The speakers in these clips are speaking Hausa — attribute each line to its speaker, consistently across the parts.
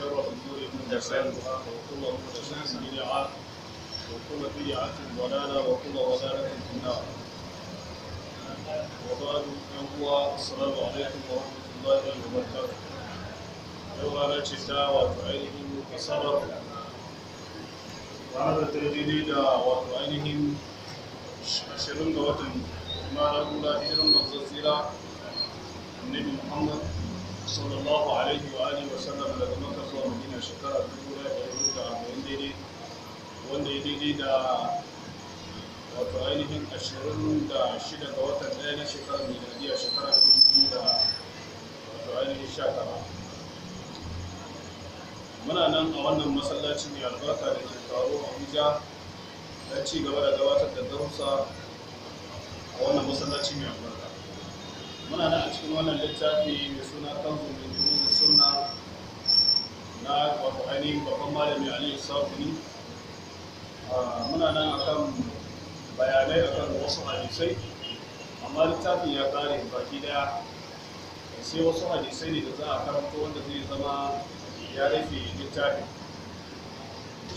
Speaker 1: وشر الأمور محدثاتها وكل محدثات بدعة وكل بدعة ضلالة وكل ضلالة في النار وبعد هو السلام عليكم ورحمة الله وبركاته يوم لا شتاء وعينهم كسرت وهذا الترغيب دا وعينهم عشرون وطن ما نقول إلى المغزلة النبي محمد sallallahu alaihi wa alihi wa sallam daga maka zuwa madina shekara dubu ɗaya da hudu da arba'in daidai wanda ya daidai da wato ainihin ashirin da shida ga watan ɗaya na shekarar miladiya shekara dubu biyu da wato ainihin sha tara muna nan a wannan masallaci mai albarka da ke abuja don ci gaba da gabatar da a wannan masallaci mai albarka muna nan a cikin wannan littafi mai suna kanzu mai jimu da suna na wato ainihin babban malami aliyu safini ah, muna nan akan bayanai akan wasu hadisai amma littafin ya kare baki daya sai wasu hadisai ne da za a karanto wanda zai zama ya rufe littafi.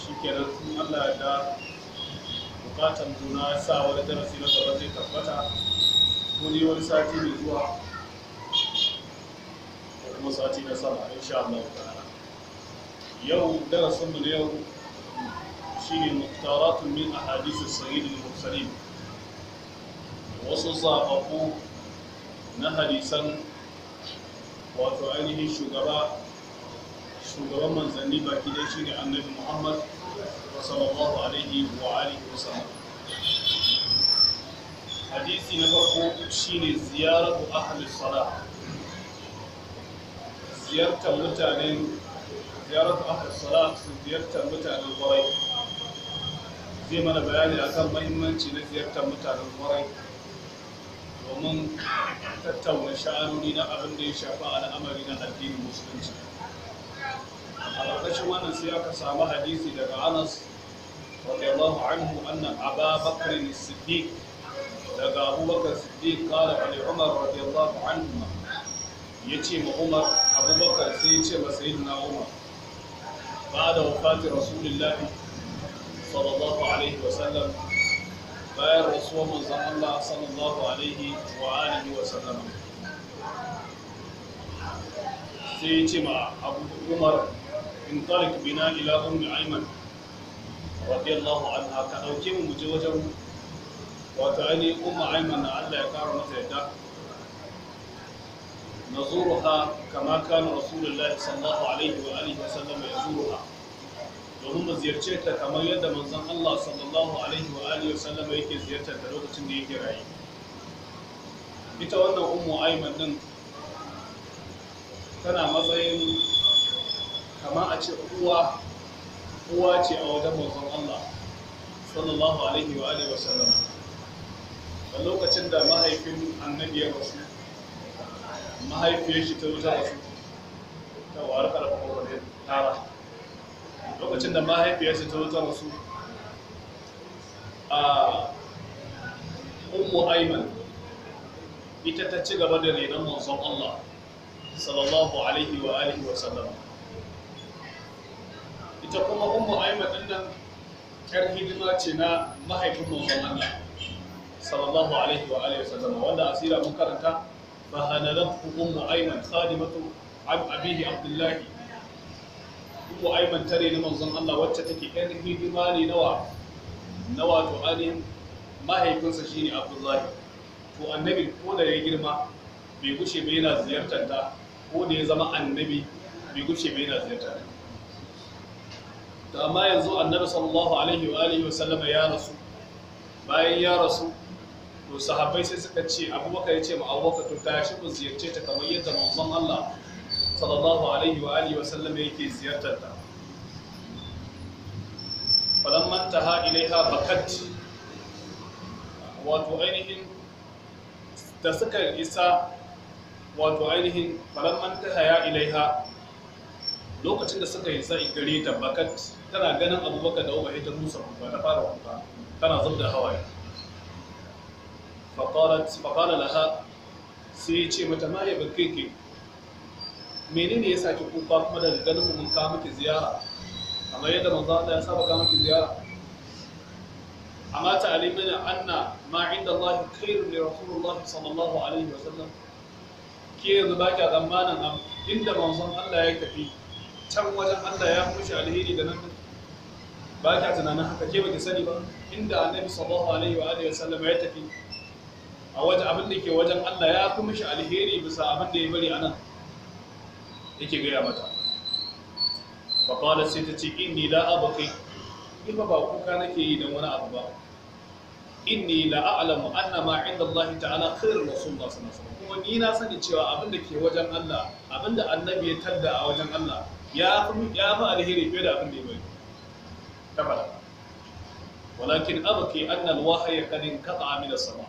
Speaker 1: shi kenan in allah ya da bukatan juna sa wani darasi na gaba zai tabbata wani wani sati mai zuwa da kuma sati na sama insha Allah ta'ala yau darasin mu yau shine muktaratun min ahadith as-sayyid al-mursalin wasu zababu na hadisan wato ainihin shugaba shugaban manzanni baki ɗaya shine annabi Muhammad sallallahu alaihi wa alihi wa sallam hadisi na farko shine ziyaratu ahli salah ziyartar mutanen ziyaratu ahli salah su ziyartar mutanen kwarai zai mana bayani akan mahimmanci na ziyartar mutanen kwarai domin tattauna sha'anoni na abin da ya shafa al'amari na addinin musulunci a ƙarƙashin wannan sai aka samu hadisi daga anas radiyallahu anhu anna aba bakr as-siddiq daga abubakar siddiq kala ali umar radiyallahu anhu ya ce ma umar abubakar sai ya ce masa yin na umar ba da wafati rasulullahi sallallahu alaihi wasallam bayan rasuwar manzan allah sallallahu alaihi wa alihi wasallam sai ya ce ma abubakar umar in tarik bina ila umar aiman radiyallahu anha ka ɗauke mu muje wajen Wata ainihin umma aiman na Allah ya kara mata yadda nazuruha kama kana rasulullahi sallallahu alaihi wa alihi wa sallam yazuruha domin mu ziyarce ta kamar yadda manzon Allah sallallahu alaihi wa alihi wa sallam yake ziyartar da lokacin da yake rayu ita wannan ummu aiman din tana matsayin kama a ce uwa uwa ce a wajen manzon Allah sallallahu alaihi wa alihi wa sallam da lokacin da mahaifin annabi ya rasu mahaifiyar shi ta wuta rasu ta wari karfafa wani tara lokacin da mahaifiyar shi ta wuta rasu a umu aiman ita ta ci gaba da renon manzon Allah sallallahu alaihi wa alihi wa sallam ita kuma umu aiman din nan kar hidima ce na mahaifin manzon Allah sallallahu alaihi wa alihi wasallam wanda asira mun karanta fa hanalathu ummu ayman khadimatu an abihi abdullah ummu ayman tare ne manzon Allah wacce take ɗan hidima ne nawa na wato ainihin mahaifinsa shine abdullahi to annabi ko da ya girma bai gushe bai yana ziyartar ta ko da ya zama annabi bai gushe bai yana ziyartar ta to amma yanzu annabi sallallahu alaihi wa alihi wasallama ya rasu bayan ya rasu to sahabbai sai suka ce abubakar ya ce ma abubakar to tashi ku ziyarce ta kamar yadda manzon Allah sallallahu alaihi wa alihi wa sallam yake ziyartar ta ta ha ilaiha bakat wato ainihin da suka isa wato ainihin falamma taha ya ilaiha lokacin da suka isa gare ta bakat tana ganin abubakar da umar ita musa ba ta fara wanka tana zub da hawaye فقالت فقال لها sai ya ce mata ma ya bakke ke menene ya sake kuka kuma daga ganin mu mun kawo miki ziyara kamar yadda manzo Allah ya saba kawo miki ziyara amma ta ta'alimina anna ma inda Allah khairu li rasulullah sallallahu alaihi wa sallam ke yanzu ba kya zamanin inda manzon Allah ya tafi can wajen Allah ya mushi alheri da nan ba kya tunanin haka ke baki sani ba inda annabi sallallahu alaihi wa alihi wa sallam ya tafi a wajen abin da ke wajen Allah ya fi mishi alheri bisa abin da ya bari a nan ke gaya mata faƙalar sai ta ce inni la abakai ni ba ba kuka nake yi don wani abu ba inni la a'lamu anna ma inda Allah ta'ala khairur wasu masu alaihi kuma ni na sani cewa abin da ke wajen Allah abin da annabi ya tadda a wajen Allah ya fi alheri fiye da abin da ya bari ta fada walakin abu ke al-wahyi qad inqata'a min sama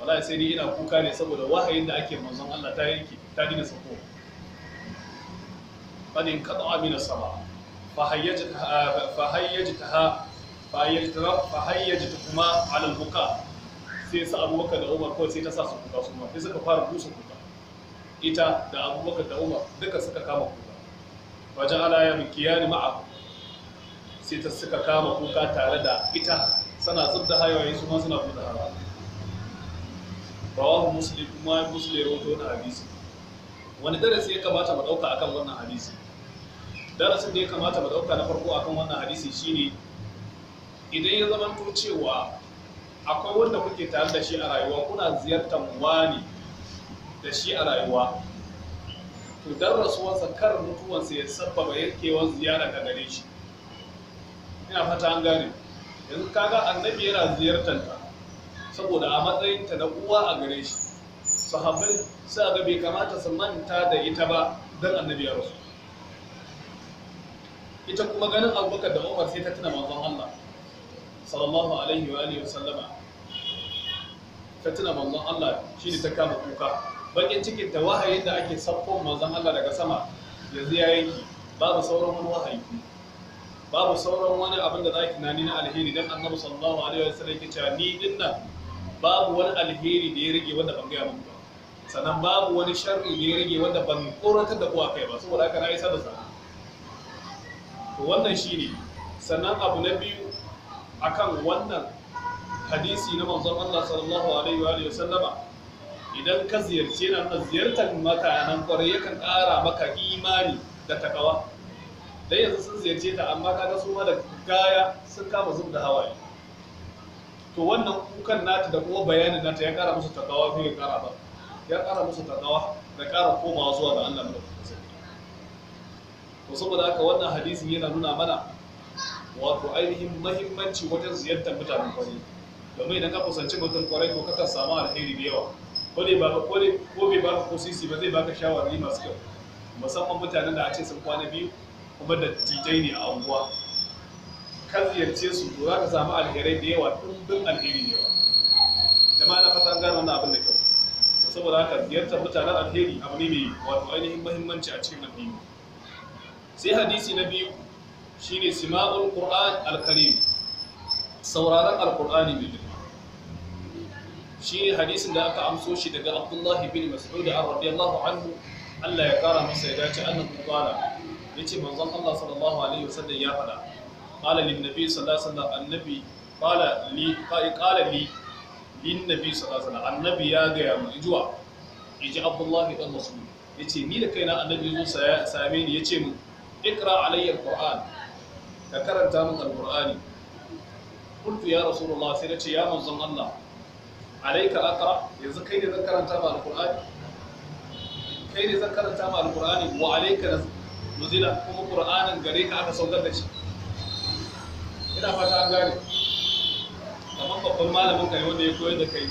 Speaker 1: wallahi sai ni ina kuka ne saboda wahayin da ake manzon Allah ta yanke ta dina sako fadin qata'a Amina sama fa hayyajtaha fa hayyajtaha fa 'ala al sai sa abubakar da umar kawai sai ta sa su kuka su ma sai suka fara busa kuka ita da abubakar da umar duka suka kama kuka wajen ala ya bikiyani ma'a sai ta suka kama kuka tare da ita sana zubda hayoyi su ma suna buɗe hawa rawahu muslim kuma ya wato na hadisi wani darasi ya kamata mu dauka akan wannan hadisi darasin da ya kamata mu dauka na farko akan wannan hadisi shine idan ya zama to cewa akwai wanda kuke tare da shi a rayuwa kuna ziyartar wani da shi a rayuwa to dan rasuwarsa kar mutuwansa ya sabbaba yankewar ziyara ga gare shi ina fata an gane yanzu kaga annabi yana ziyartar ta. saboda a matsayinta na uwa a gare shi sahabbai sai ga bai kamata su manta da ita ba don annabi ya rasu ita kuma ganin abubakar da umar sai ta tuna manzon Allah sallallahu alaihi wa alihi sallama. ta tuna manzon Allah shine ta kama kuka bakin cikin ta wahayin da ake sakko manzon Allah daga sama yanzu ya yanki babu sauran wani wahayi babu sauran wani abin da za ki nani na alheri don annabi sallallahu alaihi wa sallam yake cewa ni dinnan babu wani alheri da ya rage wanda ban gaya muku ba sannan babu wani sharri da ya rage wanda ban korantar da ku a kai ba saboda haka na isa da sana to wannan shine sannan abu na biyu akan wannan hadisi na manzon Allah sallallahu alaihi wa sallama idan ka ziyarce ka a ziyartar nan kwarai yakan ƙara maka imani da takawa dai yanzu sun ziyarce ta amma kaga su ma da gaya sun kama zub da hawaye to wannan kukan nata da kuma bayanin nata ya kara musu takawa fiye kara ba ya kara musu takawa da kara komawa zuwa ga Allah madaukakin saboda haka wannan hadisin yana nuna mana wato ainihin mahimmanci wajen ziyartar mutanen kwari domin idan ka kusanci mutum kwarai ko kakan samu alheri da yawa ko dai baka ko ko bai baka ko sisi ba zai baka shawarwari masu kyau musamman mutanen da a ce sun kwana biyu kuma da titai ne a unguwa ka ziyarce su to za ka samu alherai da yawa ɗumbin alheri da yawa jama'a na fatan gano wannan abin da kyau saboda haka ziyartar mutanen alheri abu ne mai wato ainihin mahimmanci a cikin addini sai hadisi na biyu shine sima'ul qur'an al-karim sauraron alqur'ani mai girma shine hadisin da aka amso shi daga abdullahi bin mas'ud radiyallahu anhu Allah ya kara masa ya dace annabi qala yace manzon Allah sallallahu alaihi wasallam ya faɗa qala lin nabi sallallahu alaihi wasallam annabi qala li qala li lin ya ga ya mu yace ni da kaina annabi zo same ni yace mu ikra alayya alquran ka karanta min alqurani qultu ya rasulullah sai yace ya manzon Allah alayka aqra yanzu kai ne zan karanta ma alqurani kai ne zan karanta ma alqurani wa alayka nuzila kuma qur'anin gare ka aka saukar da shi ina fata an gane kamar babban malamin kai wanda ya koyar da kai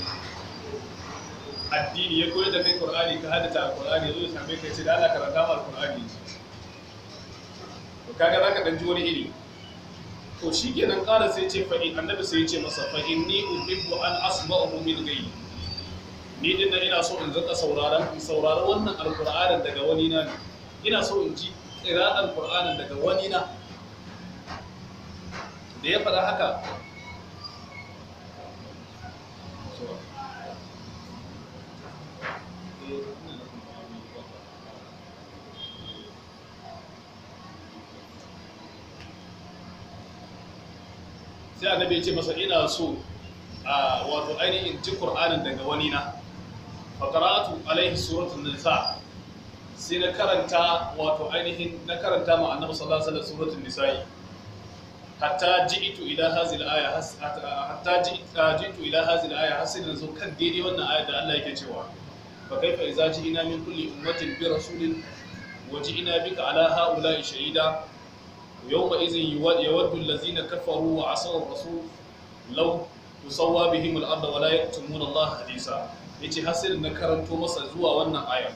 Speaker 1: addini ya koyar da kai qur'ani ka hadata alqur'ani zo ya same kai ce da Allah karanta mu alqur'ani to kaga zaka dan ji wani iri to shikenan ƙara sai ce fa annabi sai ce masa fa inni uhibbu an asma'u min ghayri ni din ina so in zaka sauraron sauraron wannan alqur'anin daga wani na ina so in ji qira'an qur'anin daga wani na da ya faɗa haka sai annabi ya ce masa ina so a wato ainihin ji qur'anin daga wani na Fakaratu qara'atu alaihi suratul nisa sai na karanta wato ainihin na karanta ma sallallahu alaihi wasallam nisa'i hatta ji'tu ila hazil aya hatta ji'tu ah, ila hazi aya har sai zo kan daidai wannan aya da Allah yake cewa fa kaifa idza ji'na min kulli ummatin bi rasulin wa ji'na bika ala haula'i shahida yawma idhin yawaddu allazina kafaru wa asaw ar-rasul law tusawwa bihim al-ardh wa la yaktumuna Allah hadisa yace har sai na karanto masa zuwa wannan aya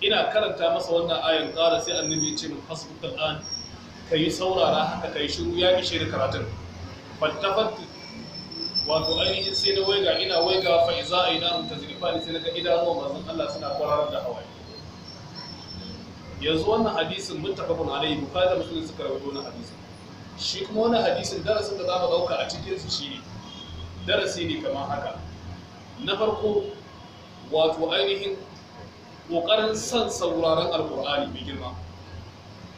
Speaker 1: ina karanta masa wannan ayan kara sai annabi ya ce min hasbuka al-an ka yi saurara haka ka yi shiru ya ishe da karatun fattafat wato ainihin sai na waiga ina waiga fa iza aina mutazrifa ne sai na naga idanuwa manzon Allah suna kwararar da hawaye yanzu wannan hadisin muttafaqun alayhi bukhari da muslim suka rawaito wannan hadisin shi kuma wannan hadisin darasin da zamu ɗauka a cikin su shi darasi ne kamar haka na farko wato ainihin ƙoƙarin san sauraron Alƙur'ani mai girma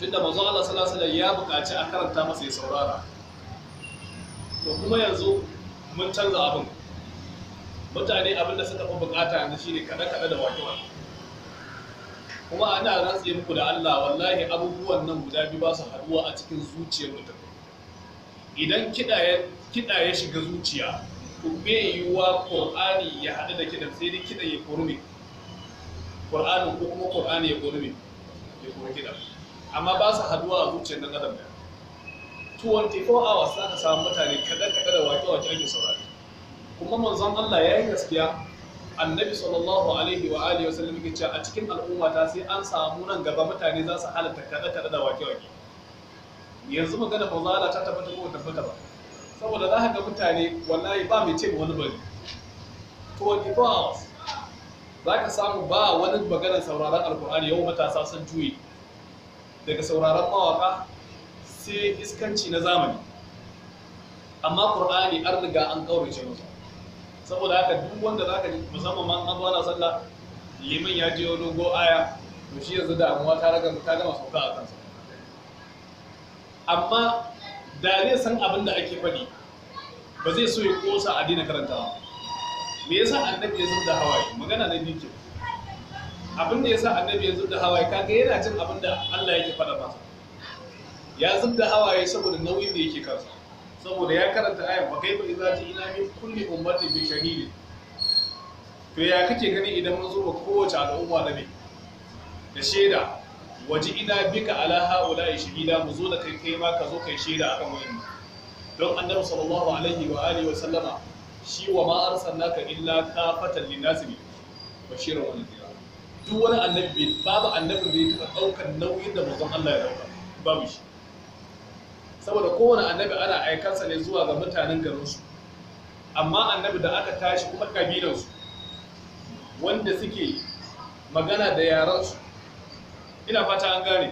Speaker 1: tunda manzo Allah sallallahu alaihi ya buƙaci a karanta masa ya saurara to kuma yanzu mun canza abin mutane abin da suka fi buƙata yanzu shine kada kada da wake wake kuma ana rantse muku da Allah wallahi abubuwan nan guda biyu ba su haduwa a cikin zuciyar mutum idan kiɗa ya shiga zuciya ku bai yiwuwa ƙur'ani ya haɗu da kiɗan sai dai kiɗan ya kori ne ƙur'ani ko kuma ƙur'ani ya kori ya kori kiɗan amma ba su haduwa a zuciyar nan adam da 24 hours za ka samu mutane kaɗan kaɗan da wake wake ake saurari kuma manzon Allah ya yi gaskiya annabi sallallahu alaihi wa alihi wa sallam yake a cikin al'ummata, sai an samu nan gaba mutane za su halatta kaɗan kaɗan da wake wake yanzu magana ba za ta tabbata ko tabbata ba saboda za ka ga mutane wallahi ba mai ce wani bari 24 hours za ka samu ba wani maganar sauraron alkur'ani yau matasa sun juye daga sauraron mawaka sai iskanci na zamani amma qur'ani an riga an kaurace masa saboda haka duk wanda zaka ji musamman ma an zuwa sallah liman ya je dogo aya to shi yanzu damuwa ta raga ta gama sauka a kansa amma da zai san abin da ake faɗi ba zai so ya kosa a dina karantawa me yasa annabi ya da hawaye magana na biyu abin da ya sa annabi ya zubda hawaye kaga yana cin abin da Allah yake faɗa masa ya zubda hawaye saboda nauyin da yake kansa saboda ya karanta ayan kai kaifa idza ina min kulli ummatin bi shahidin to ya kake gani idan mun zo ba kowace al'umma da me da shaida waji ina bika ala haula shahida mu zo da kai kai ma ka zo kai shaida akan wani don annabi sallallahu alaihi wa alihi wa sallama shi wa ma arsalnaka illa kafatan linnasi bashiran wa nadhira duk wani annabi babu annabin da ya taɓa ɗaukar nauyin da manzon Allah ya ɗauka babu shi saboda kowane annabi ana aikansa ne zuwa ga mutanen garinsu amma annabi da aka tashi kuma kabilansu wanda suke magana da yaransu ina fata an gane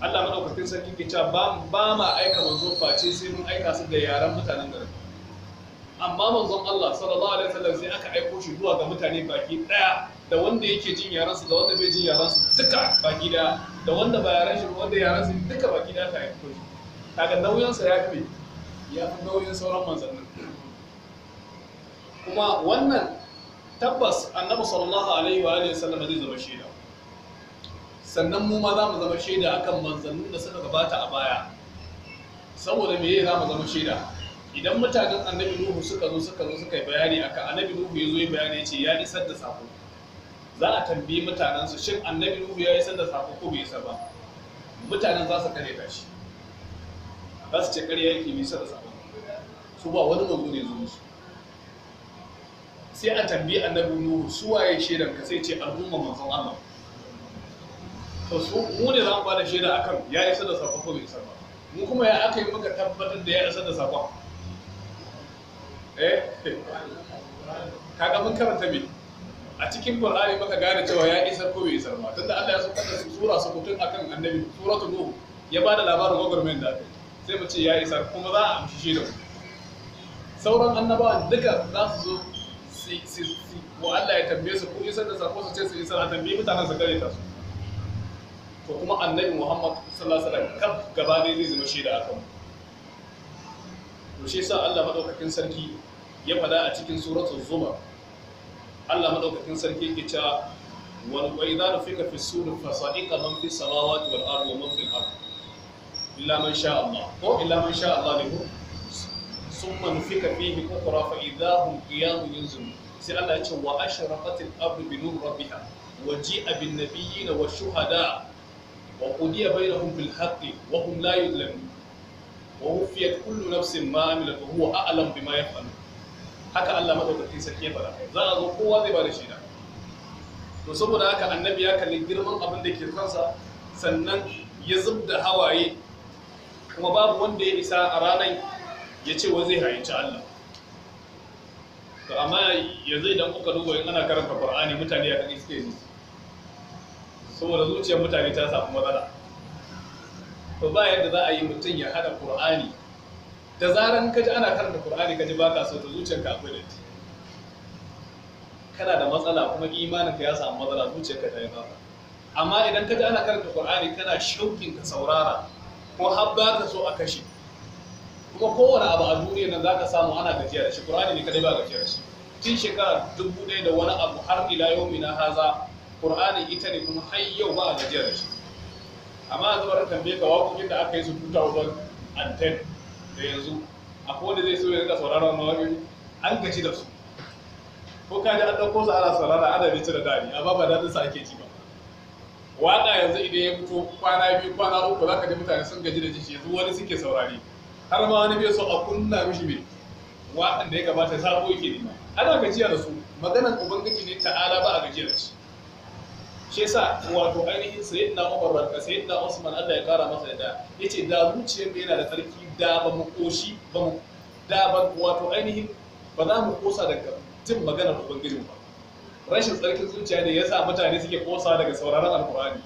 Speaker 1: Allah maɗaukakin sarki ke cewa ba ma aika manzo face sai mun aika su da yaran mutanen garin amma manzon Allah sallallahu alaihi wasallam sai aka aiko shi zuwa ga mutane baki ɗaya da wanda yake jin yaran su da wanda bai jin yaran su duka baki da da wanda ba yaran shi ba wanda yaran su duka baki da ta fito shi kaga nauyin sa ya fi ya fi nauyin sauran manzannin kuma wannan tabbas annabi sallallahu alaihi wa alihi sallam zai zama shaida sannan mu ma za mu zama shaida akan manzannin da suka gabata a baya saboda me za mu zama shaida idan mutanen annabi nuhu suka zo suka zo suka yi bayani aka annabi nuhu ya zo yi bayani ya ce ya isar da sako za a tambayi mutanensu shin annabi nuhu ya isar da sako ko bai isa ba mutanen za su kare tashi za su ce kare yake bai isar da sako su ba wani manzo ne zuwa su sai a tambayi annabi nuhu su waye shaidan ka sai ce al'umma manzon Allah to su mu ne za mu bada shaida akan ya isar da sako ko bai isar ba mu kuma ya aka yi muka tabbatar da ya isar da sakon eh kaga mun karanta me a cikin qur'ani baka gane cewa ya isar ko bai isar ba tunda Allah ya saukar da sura su mutum akan annabi suratu nuh ya bada labarin gwagwarmayar da sai mu ce ya isar kuma za a amshi shi da sauran annabawan duka za su zo wa Allah ya tambaye su ko isar da sako su ce su isar a tambaye mutanen su gare ta su to kuma annabi Muhammad sallallahu alaihi wasallam kaf gaba ne zai zama shaida akan mu to shi yasa Allah madaukakin sarki ya fada a cikin suratul zumar Allah madaukakin sarki ke cewa wal qaida da fika fi suri fasaiqa man fi samawati wal ardi wa man fil ardi illa man sha Allah ko illa man sha Allah ne ko summa nufika fihi ukhra fa idahum qiyamun yanzurun sai Allah ya ce wa ashraqatil ardu bi nur rabbiha wa ji'a bin nabiyina wa shuhada wa qudiya bainahum bil haqqi wa hum la yudlamun wa wufiyat kullu nafsin ma amilat wa huwa a'lam bima yaf'alun haka Allah madaukakin sarki ya fara za a zo kowa zai shi da to saboda haka annabi ya kalli girman abin da ke kansa sannan ya da hawaye kuma babu wanda ya isa a ranar ya ce wa zai hayanci Allah to amma yanzu idan kuka duba in ana karanta Qur'ani mutane ya kani suke saboda zuciyar mutane ta samu matsala to ba yadda za a yi mutum ya hada Qur'ani da zaran ka ji ana karanta Qur'ani ka ji ba ka so to zuciyarka akwai datti kana da matsala kuma imaninka ya samu matsala zuciyarka ta yi baka amma idan ka ji ana karanta Qur'ani kana shaukin ka saurara ko har ba ka so a kashe kuma kowane abu a duniyar nan zaka samu ana gajiya da shi Qur'ani ne kadai ba gajiya da shi tun shekara dubu ɗaya da wani abu har ila yau na haza Qur'ani ita ne kuma har yau ba a gajiya da shi amma a zuwa tambaye ka waƙoƙin da aka yi su 2010 da yanzu ko wanda zai so ya rika sauraron mawaƙi an gaji da su ko ka ji an ɗauko su ana saurara ana bici da dani amma ba daɗin sa ake ji ba waƙa yanzu idan ya fito kwana biyu kwana uku za ka ji mutane sun gaji da shi yanzu wani suke saurari har ma wani bai so a kunna mishi mai waɗanda ya gabata sabo yake nema ana gajiya da su maganar ubangiji ne ta'ala ba a gajiya da shi shi yasa wato ainihin sayyidina Umar radka sayyidina Usman Allah ya kara masa da yace da zuciyar mai yana da tsarki da ba mu koshi ba mu da ba wato ainihin ba za mu kosa daga jin maganar ubangijin ba rashin tsarkin zuciya ne yasa mutane suke kosa daga sauraron alƙur'ani.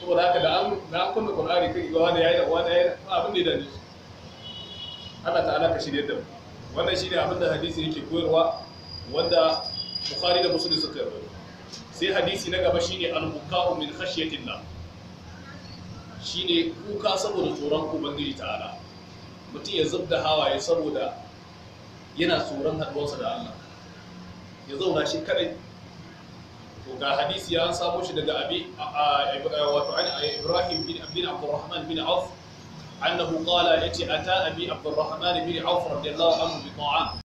Speaker 1: saboda haka da an na kunna qur'ani kai ga wani yayi da wani yayi abin da ya dace Allah ta'ala ka shirye da mu wannan shine abin da hadisi yake koyarwa wanda bukhari da muslim suka yi sai hadisi na gaba shine al-buka'u min khashyatillah shine kuka saboda tsoron ubangiji ta'ala mutum ya zub da hawaye saboda yana tsoron haɗuwarsa da Allah ya zauna shi kadai to ga hadisi ya samu shi daga abi wato an Ibrahim bin Abdul Abdurrahman bin Auf annahu qala yati ata abi Abdurrahman bin Auf radiyallahu anhu bi ta'am